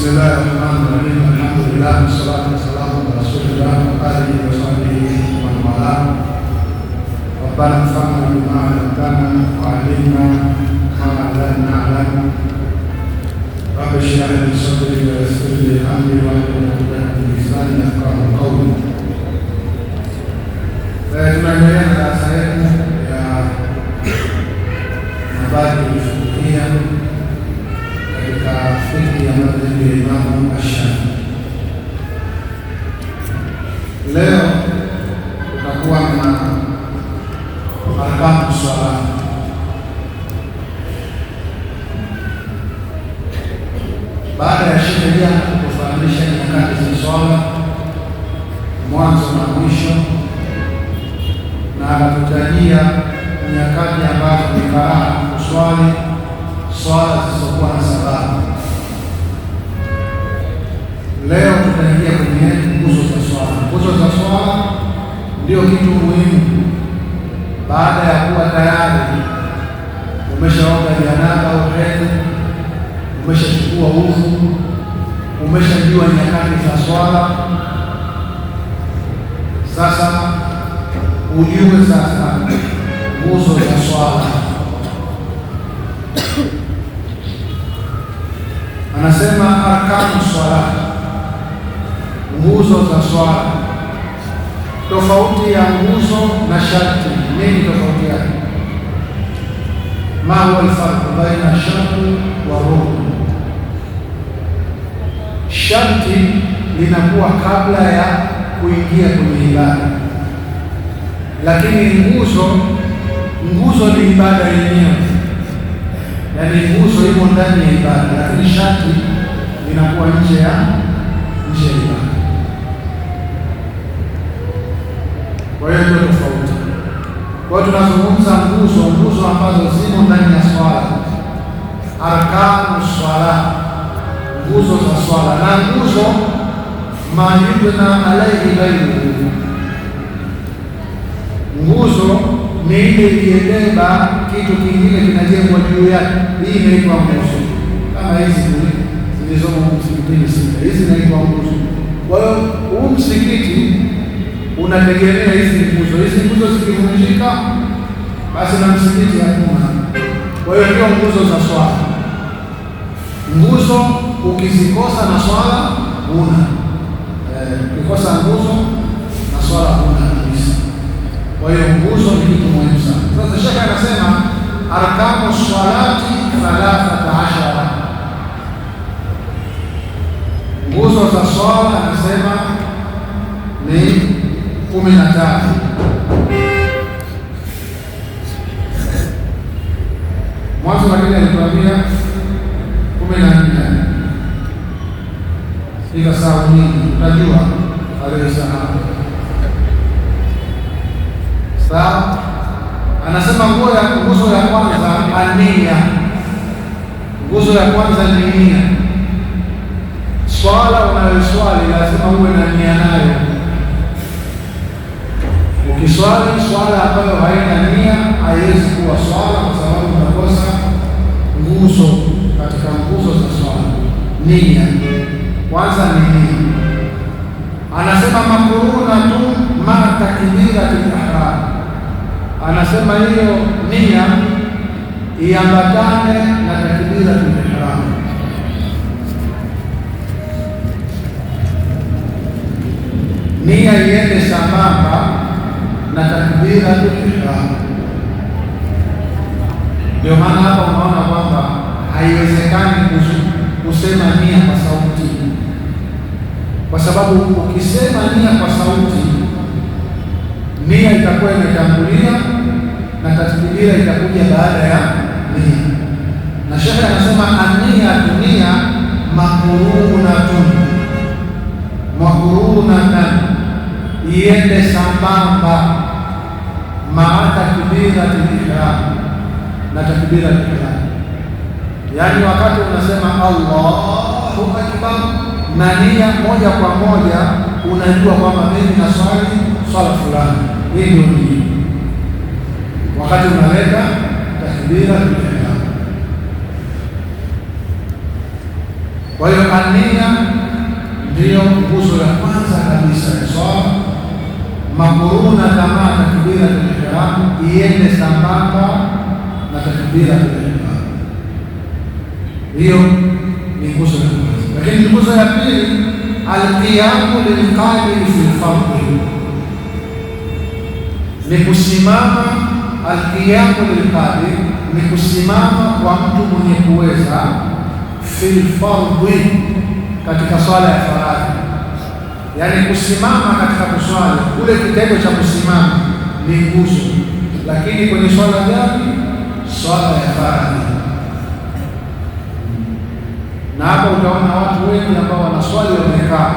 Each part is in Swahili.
بسم الله الرحمن الرحيم الحمد لله والصلاة والسلام على رسول الله وآله وصحبه ومن والاه ربنا ارحمنا بما علمتنا وعلمنا ما لا نعلم رب اشرح لي صدري ويسر لي أمري واحلل عقدة من لساني يفقه قولي فيجمعنا على خير يا مبادئ الفقهية rafiki ya Imamu Ashafii. Leo tutakuwa na arbabu swala, baada ya sheria kufahamisha nyakati za swala, mwanzo na mwisho, na kutajia nyakati ambazo ni baraha kuswali swala zisizokuwa na sababu Leo tunaingia kwenye nguzo za swala. Nguzo za swala ndio kitu muhimu. Baada ya kuwa tayari umeshaoga janaba au hedhi, umeshachukua udhu, umeshajua nyakati za swala, sasa ujue sasa nguzo za swala. Anasema arkanu swala nguzo za swala. Tofauti ya nguzo na sharti, nini tofauti yake? ma huwa baina sharti wa rukni? Sharti linakuwa kabla ya kuingia kwenye ibada, lakini nguzo, nguzo ni ibada yenyewe, yaani nguzo imo ndani ya ibada, lakini sharti linakuwa nje ya nje ya ibada. Kwa hiyo ndio tofauti. Kwa hiyo tunazungumza nguzo, nguzo ambazo zimo ndani ya swala, arkanu swala, nguzo za swala, na nguzo mayubna alaihi ghairuhu, nguzo ni ile iliyobeba kitu kingine kinajengwa juu yake. Hii inaitwa nguzo, kama hizi zilizomo msikitini sita, hizi inaitwa nguzo. Kwa hiyo huu msikiti unategemea hizi nguzo. Hizi nguzo zikivunjika, basi na msikiti hakuna. Kwa hiyo ndio nguzo za swala. Nguzo ukizikosa na swala huna, ukikosa eh, nguzo na swala huna kabisa. Kwa hiyo nguzo ni kitu muhimu sana. Sasa shekhe anasema arkanu swalati thalathata ashara, nguzo za swala anasema ni kumi na tatu Mwanzo lakini alituambia kumi na nne Ika saa nyingi utajua aliyoisahau. Sawa, anasema nguo ya nguzo ya kwanza ania, nguzo ya kwanza ni nia. Swala unayoswali lazima uwe na nia nayo Ukiswali swala ambayo haina nia haiwezi kuwa swala, kwa sababu unakosa nguzo. Katika nguzo za swala nia kwanza ni nia. Anasema makuruna tu maa takbiratil ihram, anasema hiyo nia iambatane na takbiratul ihram. Nia iende sambamba na takbira ihram. Ndio maana hapa unaona kwamba haiwezekani kusema nia kwa sauti, kwa sababu ukisema nia kwa sauti, nia itakuwa imetangulia na takbira itakuja baada ya nia. Na shekhe anasema ania dunia makurunatun makurunatan, iende sambamba maa takbiratul ihram na takbiratul ihram, yaani wakati unasema Allahu akbar nia moja kwa moja unajua kwamba mimi naswali swala fulani. Hii ndio ni wakati unaleta takbiratul ihram. Kwa hiyo ania ndiyo nguzo ya kwanza kabisa ya swala makuruna kama takbiratul na iende sambamba na takbira kulipa. Hiyo ni nguzo ya kwanza, lakini nguzo ya pili, alqiyamu lilqadiri fi fardhi, ni kusimama. Alqiyamu lilqadiri ni kusimama kwa mtu mwenye kuweza fil fardhi, katika swala ya faradhi, yaani kusimama katika kuswali, kule kitendo cha kusimama ni nguzo, lakini kwenye swala gani? Swala ya faradhi. Na hapo utaona watu wengi ambao wanaswali wamekaa,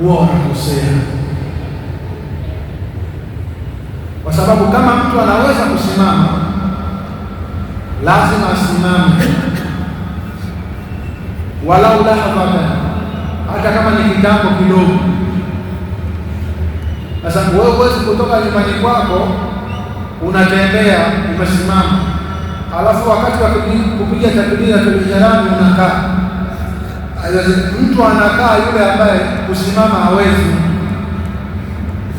huwa wanakosea, kwa sababu kama mtu anaweza kusimama, lazima asimame walau lahadhatan, hata kama ni kitambo kidogo sasa wewe huwezi kutoka nyumbani kwako unatembea umesimama, alafu wakati wa kupiga kwenye ihram unakaa. Mtu anakaa yule ambaye kusimama hawezi.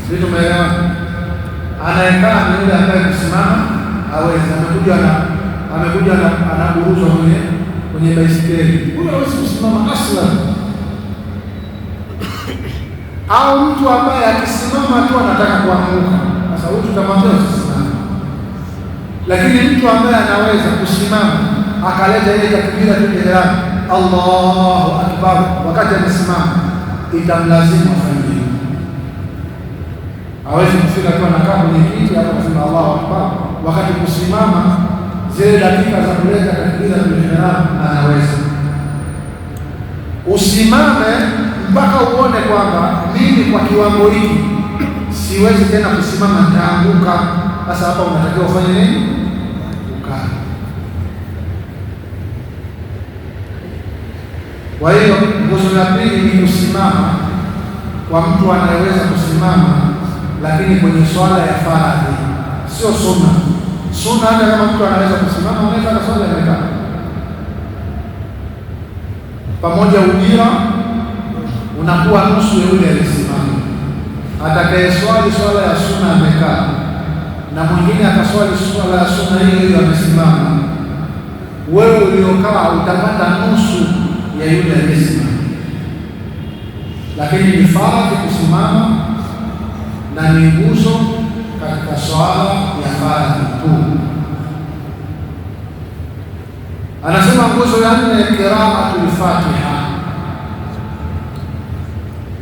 Sisi tumeelewa, anayekaa ni yule ambaye kusimama hawezi, amekuja na amekuja na anaburuzwa kwenye kwenye baisikeli, huyo hawezi kusimama aslan au mtu ambaye akisimama tu anataka kuanguka. Sasa sababu tutamwambia usisimame, lakini mtu ambaye anaweza kusimama akaleta ile takbira tu jirani, Allahu akbar, wakati amesimama, itamlazimu afanye hivyo. Hawezi kufika tu anakaa kwenye kiti hata kusema Allahu akbar, wakati kusimama zile dakika za kuleta takbira tu jirani anaweza usimame mpaka uone kwamba mimi kwa kiwango hiki siwezi tena kusimama, nitaanguka. Sasa hapa unatakiwa ufanye nini? Kwa hiyo nguzo ya pili ni kusimama kwa mtu anayeweza kusimama, lakini kwenye swala ya faradhi, sio sunna. Sunna hata kama mtu anaweza kusimama, unaweza na swala imekaa pamoja ujira unakuwa nusu ya yule aliyesimama. Atakayeswali swala ya suna amekaa, na mwingine akaswali swala ya suna hiyo hiyo amesimama, wewe uliokaa utapata nusu ya yule aliyesimama. Lakini ni faradhi kusimama na ni nguzo katika swala ya faradhi tu. Anasema nguzo ya nne, qiraatul Fatiha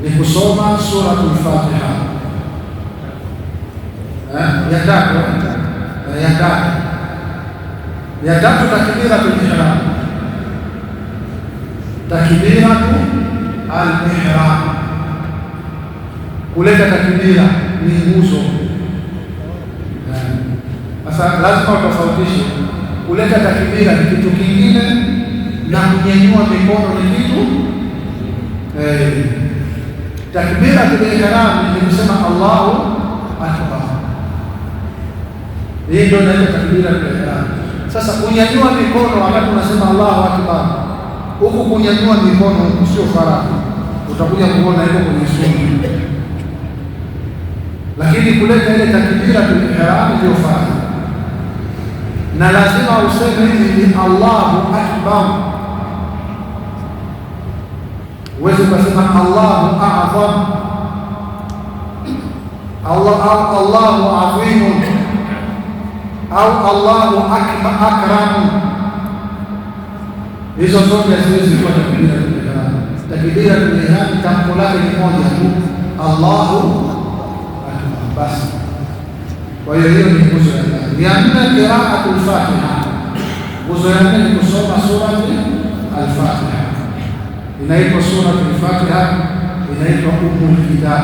ni kusoma suratul Fatiha eh, ya tatu eh, ya tatu ya tatu takbiratul ihram, al ihram kuleta takbira ni nguzo. Eh, sasa lazima utofautishe kuleta takbira ni kitu kingine na kunyanyua mikono ni kitu eh kwenye ihram ni kusema Allahu akbar, hii ndio takbira kwenye ihram. Sasa kunyanyua mikono wakati unasema Allahu akbar, huku kunyanyua mikono sio faradhi, utakuja kuona hiyo kwenye sunna, lakini kuleta ile kwenye ihram ndio faradhi, na lazima useme hivi ni Allahu akbar وزن بسمة الله أعظم الله أو الله عظيم أو الله أكرم أكرم إذا صور يسوس يقول لك بيها تكبيرا بيها تنقل لك الله بس ويريد من قصر الله لأن قراءة الفاتحة قصر الله من قصر سورة الفاتحة inaitwa Suratul Fatiha, inaitwa Ummul Kitab.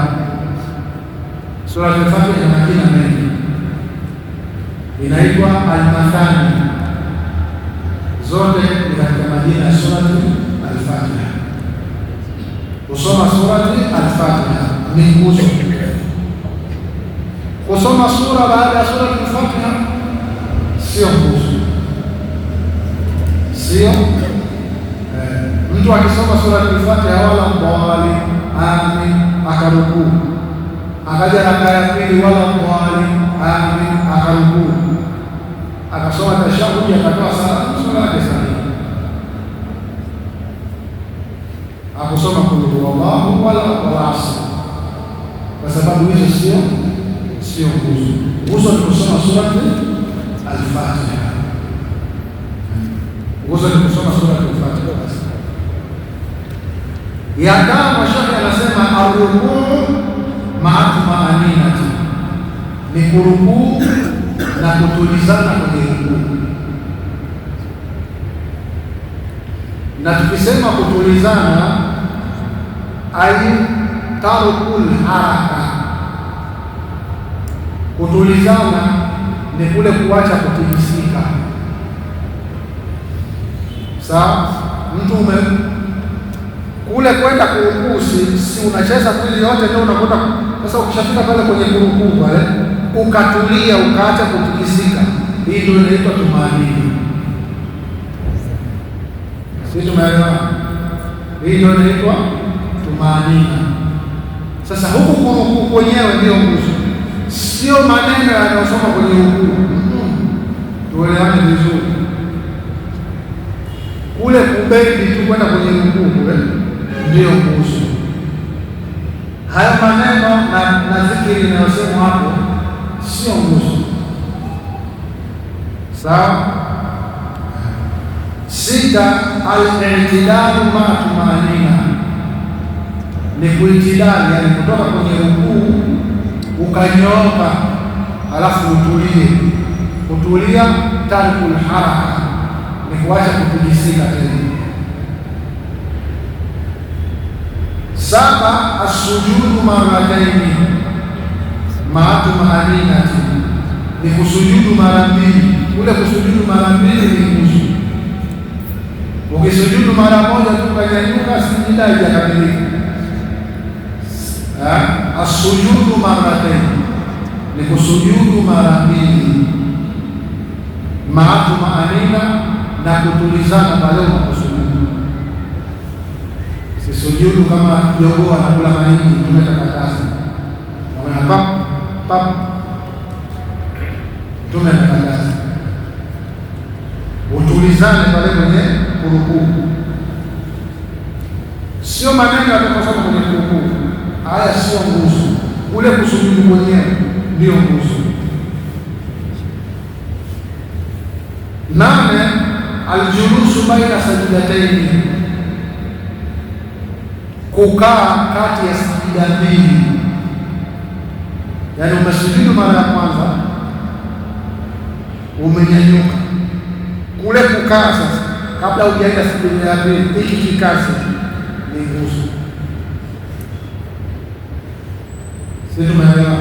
Suratul Fatiha ina majina mengi, inaitwa Al-Mathani, zote ni katika majina ya Suratul Al-Fatiha. Kusoma Suratul Al-Fatiha ni nguzo, kusoma sura baada ya Suratul Fatiha sio nguzo akasoma sura al-Fatiha wala mdhali amin, akarukuu. Akaja rakaa ya pili wala mdhali amin, akarukuu. Akasoma tashahudi, akatoa salamu, sura yake sahihi. Akusoma qul huwallahu wala al kwa sababu hizo sio sio nguzo. Nguzo ni kusoma sura al-Fatiha, nguzo ni kusoma sura al-Fatiha basi. Yakaa mashafi anasema arukuu maatumaninati, ni kurukuu na kutulizana kwenye rukuu. Na tukisema kutulizana, ai tarukul haraka, kutulizana ni kule kuacha kutingizika. Sawa, mtu ume kule kwenda kuugusi, si unacheza mwili yote ndio unakwenda. Sasa ukishafika pale kwenye kurukuu pale, ukatulia, ukaacha kutikisika, hii ndio inaitwa tumaini. Si tumeelewa? Hii ndio inaitwa tumaanina. Sasa huku kurukuu kwenyewe ndio nguzo, sio maneno yanayosoma kwenye ukuu. Tuelewane vizuri, kule kubendi tu kwenda kwenye ukuu kule eh? ndiyo kuhusu hayo maneno na, na zikiri inayosemwa hapo sio nguzo. Sawa. Sita, al-i'tidalu ma tumanina, ni kuitidali, yani kutoka kwenye ukuu ukanyooka, alafu utulie. Kutulia tarku lharaka ni kuacha kupujisika tena Saba, asujudu marrataini maatu maaninati, ni kusujudu mara mbili. Ule kusujudu mara mbili ni nguzo. Ukisujudu mara moja tu ukanyanyuka, sijida haijakamilika. Asujudu marrataini ni kusujudu mara mbili, maatu maanina, na kutulizana pale Sujudu kama jogoo anakula mahindi, kutumia karatasi pap pap, Mtume anakataza utulizane pale kwenye kurukuu, sio maneno yatakosoma kwenye kurukuu. Haya sio nguzo, ule kusujudu mwenyewe ndio nguzo. Nane, aljulusu baina sajidataini kukaa kati ya sajida mbili, yaani umesujudu mara ya kwanza umenyanyuka, kule kukaa sasa, kabla hujaenda sajida ya pili, hiki kikazi ni nguzo. Sisi tumeelewa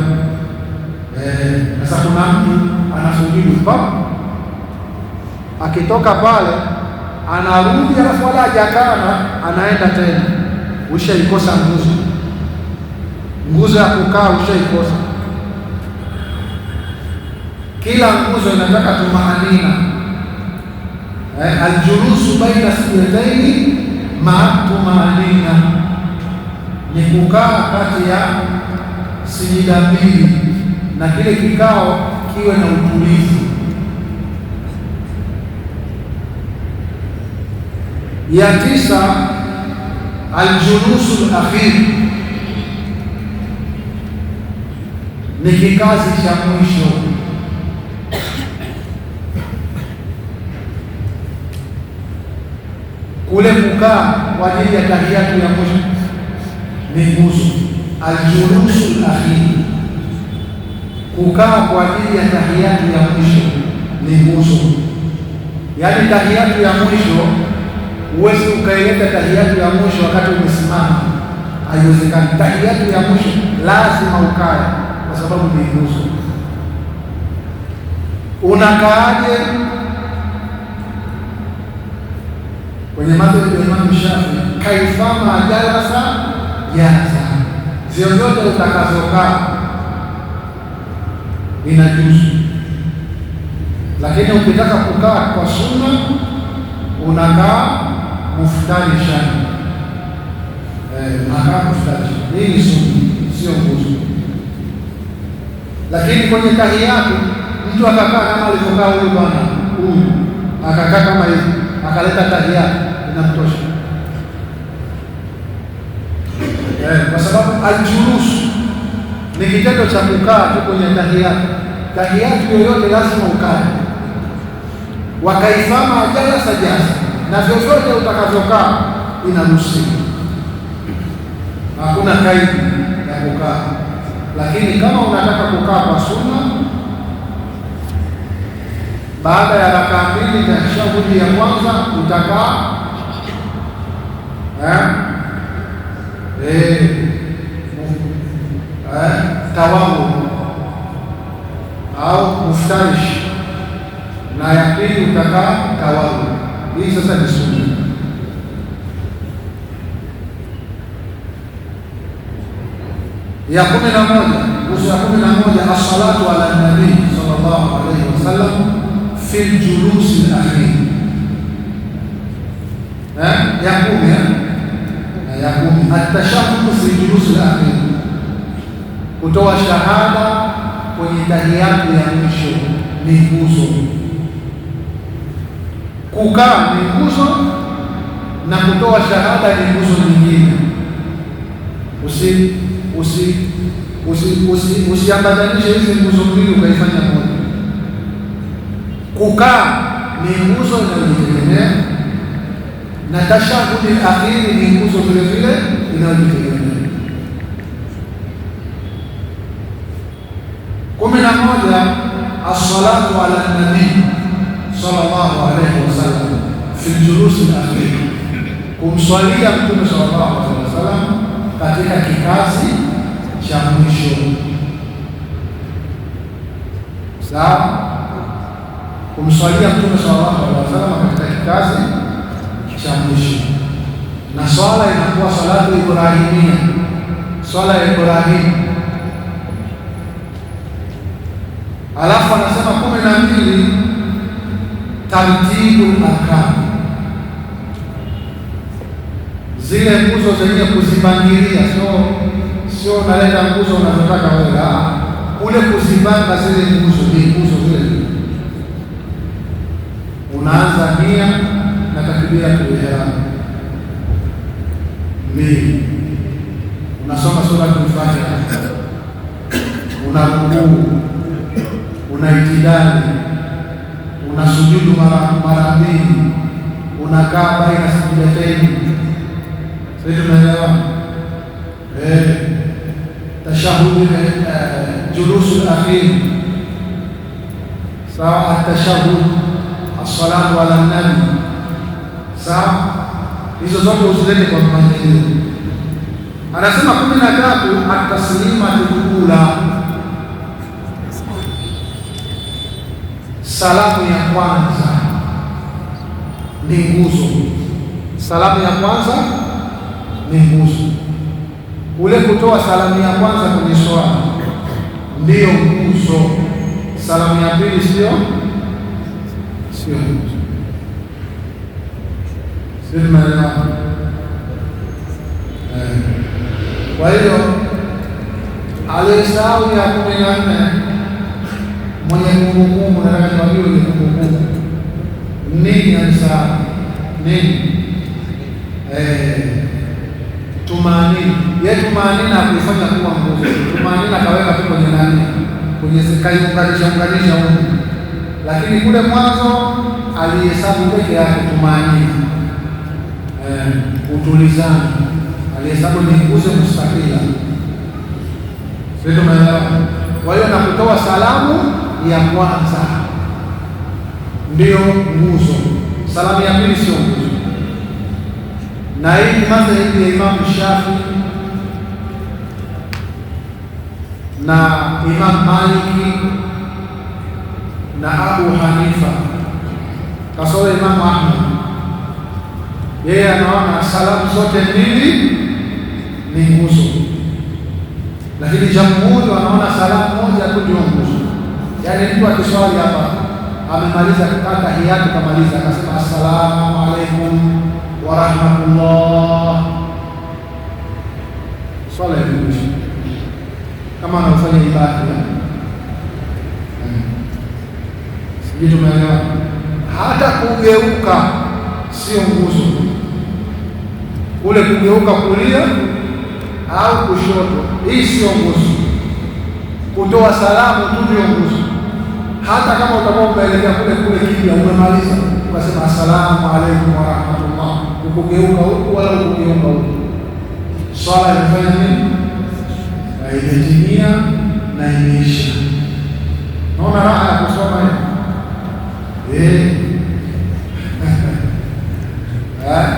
eh, sasa. Kuna mtu anasujudu pa akitoka pale anarudi, alafu wala hajakana, anaenda tena ushaikosa nguzo, nguzo ya kukaa ushaikosa. Kila nguzo inataka tumaanina, eh, aljulusu baina sijadaini ma tumaanina, ni kukaa kati ya sijida mbili, na kile kikao kiwe na utulivu ya tisa Aljulusu lakhir ni kikazi cha mwisho. Kule kukaa kwa ajili ya tahiyatu ya mwisho ni nguzo. Aljulusu lakhir, kukaa kwa ajili ya tahiyatu ya mwisho ni nguzo, yaani tahiyatu ya mwisho Huwezi ukaileta tahiyatu ya mwisho wakati umesimama, haiwezekani. Tahiyatu ya mwisho lazima ukae, kwa sababu ni nguzo. Unakaaje kwenye madhehebu ya Imamu Shafi? Kaifama jalasa jaza, zozote utakazokaa inajuzu, lakini ukitaka kukaa kwa sunna unakaa mustari shani eh, maana mustari hii ni sunna, sio nguzo. Lakini kwenye tahiyatu mtu akakaa kama alivyokaa huyu bwana huyu, akakaa kama hivi, akaleta tahiyatu, inamtosha eh, kwa sababu aljulusu ni kitendo cha kukaa tu kwenye tahiyatu. Tahiyatu yoyote lazima ukae, wakaifama jalasa jasa na vyovyote utakavyokaa ina msingi, hakuna kaidi ya kukaa. Lakini kama unataka kukaa kwa sunna, baada ya rakaa mbili na shahudi ya kwanza utakaa eh, eh, eh? au mustarish, na ya pili utakaa tawamu hii sasa ni sunna. Ya kumi na moja, nusu ya kumi na moja, assalatu ala nabii sallallahu alayhi wasallam fi ljulusi lakhiri. Ya kumi ya kumi, atashahudu fi ljulusi lakhiri, kutoa shahada kwenye tahiyatu ya mwisho ni nguzo Kukaa ni nguzo na kutoa shahada ni nguzo nyingine. Usi usi usiambatanishe usi, usi hizi nguzo mbili ukaifanya moja. Kukaa ni nguzo inayojitegemea na tashahudi akhiri ni nguzo vile vile inayojitegemea. kumi na moja assalatu ala nabii sallallahu alayhi wasallam fi julusi al kumswalia Mtume sallallahu alayhi wasallam katika kikazi cha mwisho. Sawa, kumswalia Mtume sallallahu alayhi wasallam katika kikazi cha mwisho, na swala inakuwa salatu Ibrahimia, swala ya Ibrahim. Alafu anasema kumi na mbili tartibu ahkam, zile nguzo zenye kuzipangilia, sio sio unaleta nguzo unazotaka wewe, ule kuzipanga zile nguzo, ni nguzo zile, unaanza nia na takbiratul ihram mbili, unasoma sura Fatiha, una rukuu, una itidali nasujudu mara mbili, unakaa baina sujudateni. Sisi tunaelewa eh, tashahudi eh, julusu akhir sawa, tashahud as-salatu ala nabi sawa, hizo zote uzilete kwa mmoja. Anasema kumi na tatu at-taslimatu al Salamu ya kwanza ni nguzo. Salamu ya kwanza ni nguzo. Ule kutoa salamu ya kwanza kwenye swala ndiyo nguzo. Salamu ya pili sio, sio nguzo. Simanea. Eh. Kwa hiyo alisahau ya kumi na nne mwenye kumbukumbu, nataka niwajue wenye kumbukumbu nini kabisa nini eh, tumaanini. Ye tumaanini akuifanya kuwa nguzo, tumaanini akaweka tu kwenye nani, kwenye kaiunganisha unganisha huku, lakini kule mwanzo alihesabu peke yake tumaanini, eh, utulizani, alihesabu ni nguzo mustakila. Sio tumeelewa? Kwa hiyo nakutoa salamu ya kwanza ndiyo nguzo, salamu ya pili sio nguzo. Na hii ni madhehebu ya Imamu shafi na Imam Maliki na Abu Hanifa kasoro Imamu Ahmad, yeye anaona salamu zote mbili ni nguzo, lakini jamhuri wanaona salamu moja tu ndio nguzo. Yaani mtu akiswali hapa amemaliza kukaa tahiyya, kamaliza akasema assalamu alaikum wa rahmatullah, swala ya kuisha kama anafanya ibada. Hmm. Sijui tumeelewa. Hata kugeuka sio nguzo, ule kugeuka kulia au kushoto, hii sio nguzo. Kutoa salamu tu ndio nguzo hata kama utakuwa umeelekea kule kule kimya, umemaliza ukasema asalamu alaikum wa rahmatullah, ukugeuka huku wala ukugeuka huku, swala imefanya nini? Na imetimia na imeisha. Naona raha ya kusoma eh? eh?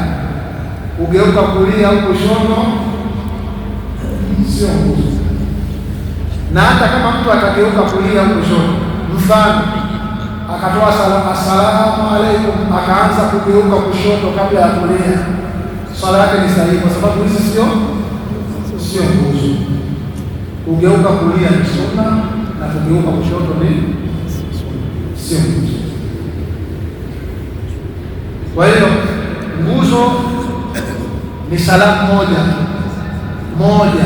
ugeuka kulia au kushoto sio nguzo, na hata kama mtu atageuka kulia au kushoto mfano, akatoa salamu assalamu alaikum, akaanza kugeuka kushoto kabla ya kulia, swala yake ni sahihi, kwa sababu hizi sio sio nguzo. Kugeuka kulia ni sunna na kugeuka kushoto ni sio nguzo. Kwa hiyo nguzo ni salamu moja moja,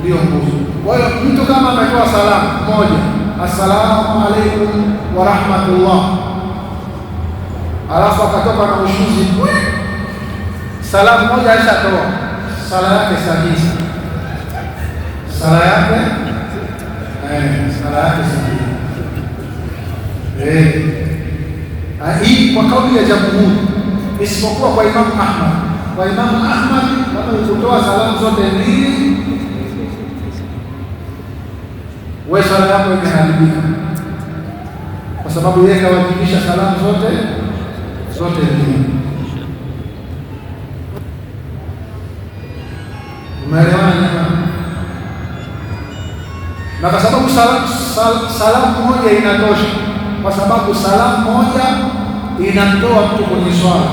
ndiyo nguzo. Kwa hiyo mtu kama ametoa salamu moja assalamu alaikum wa rahmatullah, alafu akatoka na ushuzi salamu moja ashatoa, sala yake sahihi, sala yake eh, sala yake sahihi eh. ah, hii kwa kauli ya jamhuri, isipokuwa kwa Imamu Ahmad. Kwa Imamu Ahmad wamekutoa salamu zote mbili wewe swala yako imeharibika, kwa sababu yeye kawajibisha salamu zote zote mbili. Umeelewana? Na kwa sababu salamu salamu moja inatosha, kwa sababu salamu moja inamtoa mtu kwenye swala.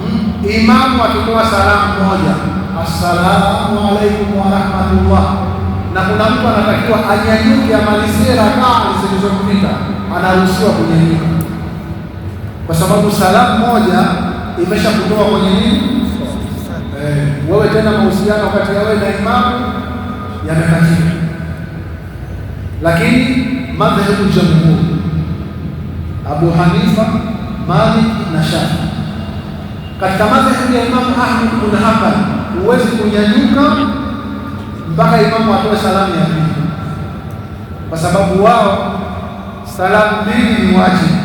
Hmm? Imamu akitoa salamu moja, assalamu alaikum wa rahmatullah na kuna mtu anatakiwa anyanyuke amalizie rakaa zilizopita, anaruhusiwa kunyanyuka, kwa sababu salamu moja imesha kutoka kwenye nini eh, wewe tena mahusiano kati ya wewe na imamu yamekatika. Lakini madhehebu jamhuri Abu Hanifa, Malik na Shafi, katika madhehebu ya Imamu Ahmad kuna hapa huwezi kunyanyuka mpaka imamu atoe salamu ya pili, kwa sababu wao salamu mbili ni wajibu.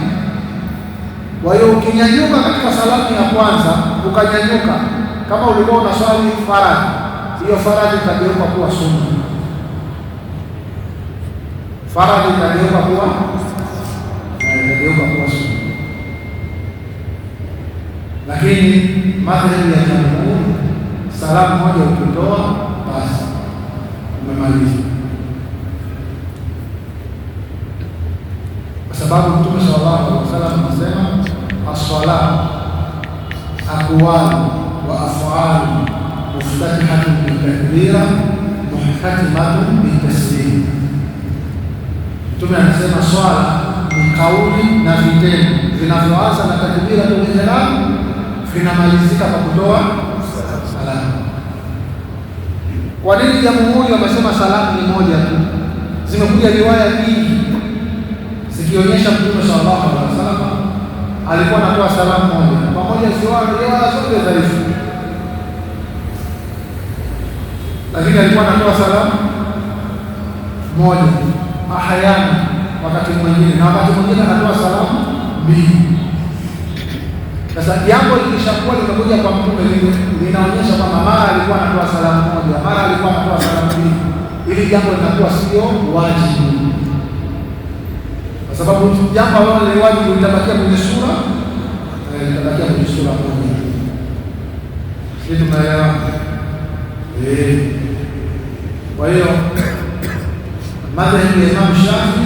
Kwa hiyo ukinyanyuka katika salamu ya kwanza ukanyanyuka, kama ulikuwa unaswali faradhi, hiyo faradhi itageuka kuwa sunna, faradhi itageuka kuwa itageuka kuwa sunna. Lakini madhehebu ya Jamhuri salamu moja ukitoa maarifa, kwa sababu Mtume sallallahu alaihi wasallam anasema aswala aqwalu wa af'alu muftatihatun bitakbira muhkatimatun bitaslim. Mtume anasema swala ni kauli na vitendo vinavyoanza na takbira tulihiram vinamalizika kwa kutoa kwa nini jamhuri wamesema salamu ni moja tu? Zimekuja riwaya nyingi zikionyesha Mtume sallallahu alaihi wasallam alikuwa anatoa salamu moja pamoja, riwaya zote dhaifu, lakini alikuwa anatoa salamu moja ahayana, wakati mwingine na wakati mwingine anatoa salamu mbili. Sasa jambo lilishakuwa linakuja kwa mtume, linaonyesha kwamba mara alikuwa anatoa salamu moja, mara alikuwa anatoa salamu mbili, ili jambo linakuwa sio wajibu, kwa sababu jambo ambalo ni wajibu litabakia kwenye sura, eh, litabakia kwenye sura moja. Sisi tunaelewa eh. Kwa hiyo madhehebu ya Imam Shafi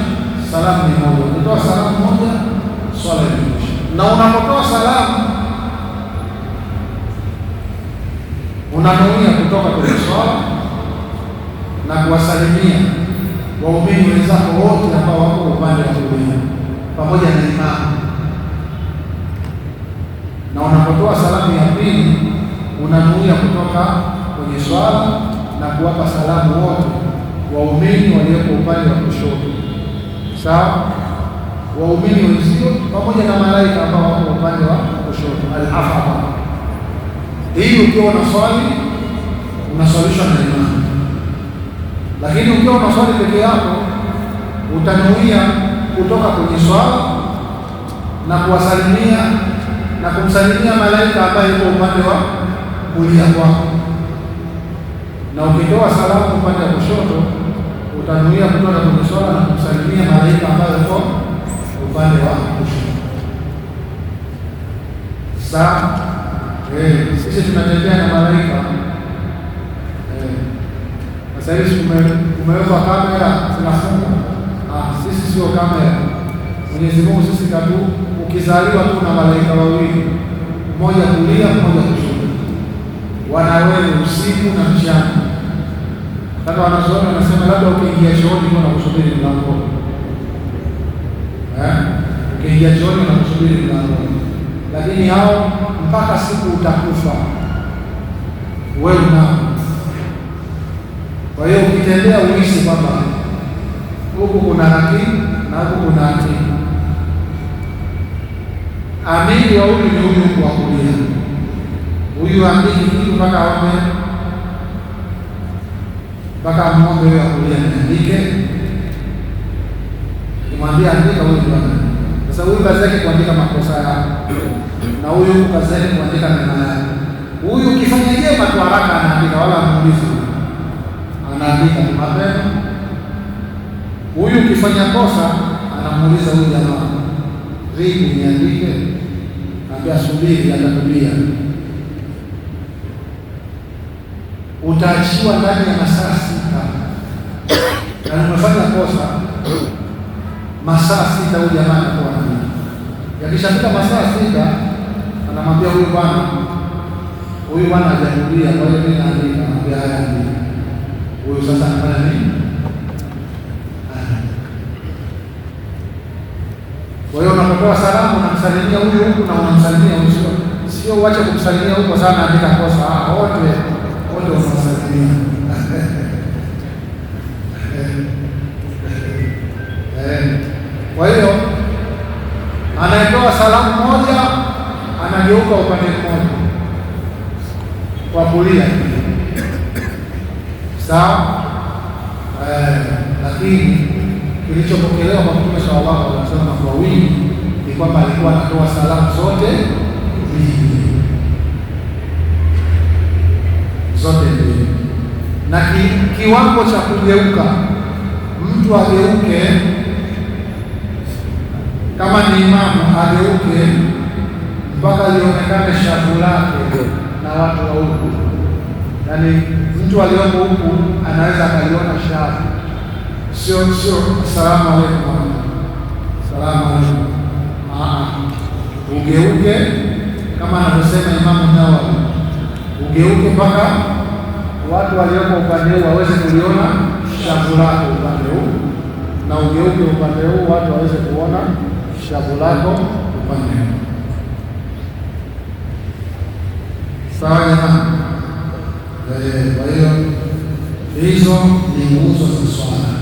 salamu ni moja, kutoa salamu moja swala ni na unapotoa salamu unanuia kutoka kwenye swala na kuwasalimia waumini wenzako wote ambao wako upande wa kulia pamoja na imamu. Na unapotoa salamu ya pili unanuia kutoka kwenye swala na kuwapa salamu wote waumini walioko upande wa kushoto, sawa? waumini wenzio pamoja na malaika ambao wako upande wa kushoto al-afaba. Hii ukiwa unaswali unaswalishwa na imani, lakini ukiwa unaswali peke yako utanuia kutoka kwenye swala na kuwasalimia na kumsalimia malaika ambaye yuko upande wa kulia kwako, na ukitoa salamu upande wa kushoto utanuia kutoka kwenye swala na kumsalimia malaika ambaye yuko upande wa saa eh, sisi tunatembea na malaika eh. Sasa hivi kumewekwa kamera zinafunga. Ah, sisi sio kamera. Mwenyezi Mungu sisi katu, ukizaliwa tu na malaika wawili, mmoja kulia, mmoja kushoto, wanaweni usiku na mchana. Hata wanazoona nasema labda ukiingia chooni kuna kusubiri mlangoni ukiingia chooni na kusubiri mlango, lakini hao mpaka siku utakufa wewe na. Kwa hiyo ukitembea uishi kwamba huku kuna haki na huku kuna haki. Amini wa huyu ni huyu wa kulia, huyu amini kitu mpaka aombe mpaka amwombe huyo akulia niandike mwambie andika huyu bwana. Sasa huyu kazi yake kuandika makosa yako, na huyu kazi yake kuandika mema yako. Huyu kifanya jema tu haraka anaandika, wala muulizi, anaandika ni mapema. Huyu kifanya kosa anamuuliza huyu jamaa, ribu niandike, ambia subiri, atakulia utaachiwa ndani ya masaa sita na umefanya kosa masaa sita, huyu jamaa anakuwa nakili. Yakishafika masaa sita, anamwambia huyu bwana, huyu bwana hajarudia, kwa hiyo mimi nani? Anamwambia haya, andika. Huyu sasa anafanya nini? Kwa hiyo unapotoa salamu, unamsalimia huyu huku na unamsalimia huyu, sio uache kumsalimia huko sana, andika kosa ah, wote wote, unamsalimia Kwa hiyo anayetoa salamu moja anageuka upande mmoja kwa kulia, sawa eh, lakini kilichopokelewa kwa Mtume sallallahu alaihi wasallam kwa wingi ni kwamba alikuwa anatoa salamu zote mbili zote mbili, na ki, kiwango cha kugeuka mtu ageuke kama ni imamu ageuke mpaka lionekane shavu lake na watu wa huku, yaani mtu alioko huku anaweza akaliona shavu, sio sio salamu aleikum, salamu aleikum. Ugeuke kama anavyosema Imamu Nawawi, ugeuke mpaka watu walioko upande huu waweze kuliona shavu lako upande huu, na ugeuke upande huu watu waweze kuona shavu lako upande sawa jamani. Eh, kwa hiyo hizo ni nguzo za swala.